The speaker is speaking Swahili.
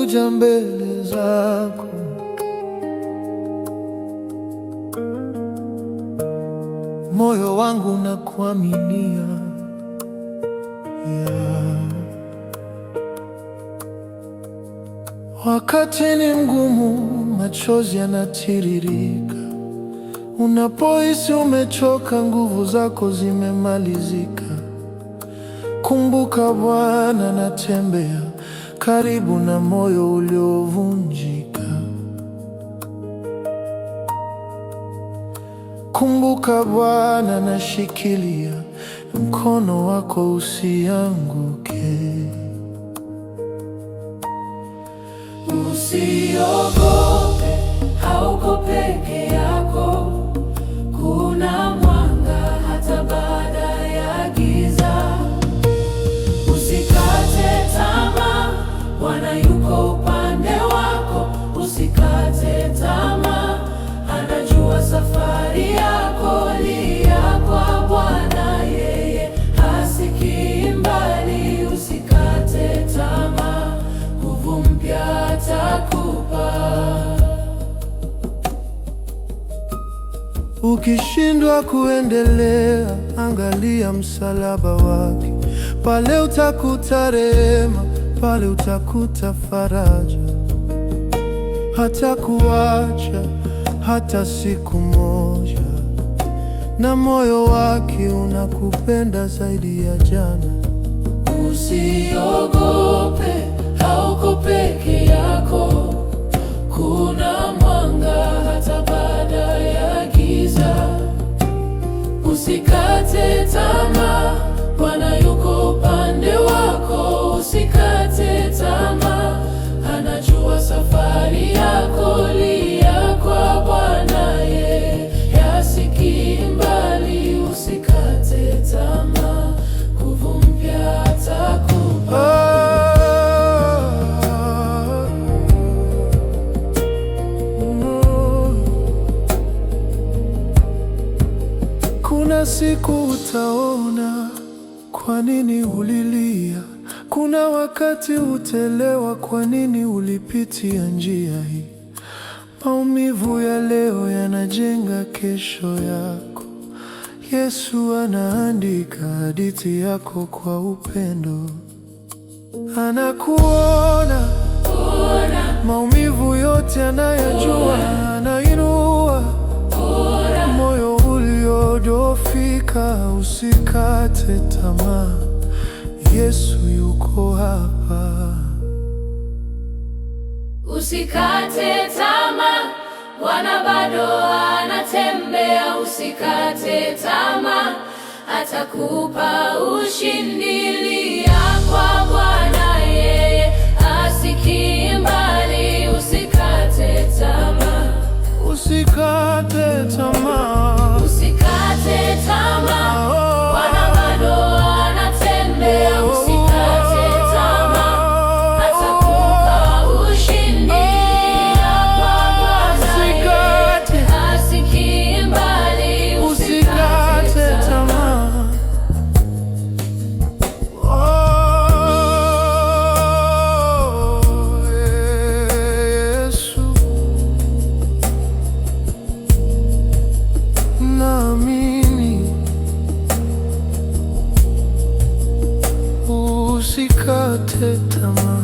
kuja mbele zako, moyo wangu nakuaminia, yeah. Wakati ni mgumu, machozi yanatiririka, unapohisi umechoka, nguvu zako zimemalizika, kumbuka Bwana, natembea karibu na moyo uliovunjika. Kumbuka Bwana, nashikilia mkono wako usianguke. Usiogope, hauko peke yako. Kuna mwanga hata baada ya giza. Ukishindwa kuendelea, angalia msalaba wake. Pale utakuta rehema, pale utakuta faraja. Hatakuacha hata siku moja, na moyo wake unakupenda zaidi ya jana. Usiogope, hauko peke yako, kuna siku utaona kwa nini ulilia. Kuna wakati utelewa kwa nini ulipitia njia hii. Maumivu ya leo yanajenga kesho yako. Yesu anaandika hadithi yako kwa upendo, anakuona maumivu yote anayajua, anainua usikate tamaa, Yesu yuko hapa. Usikate tamaa, Bwana bado anatembea. Usikate tamaa, atakupa ushindi. tête à main.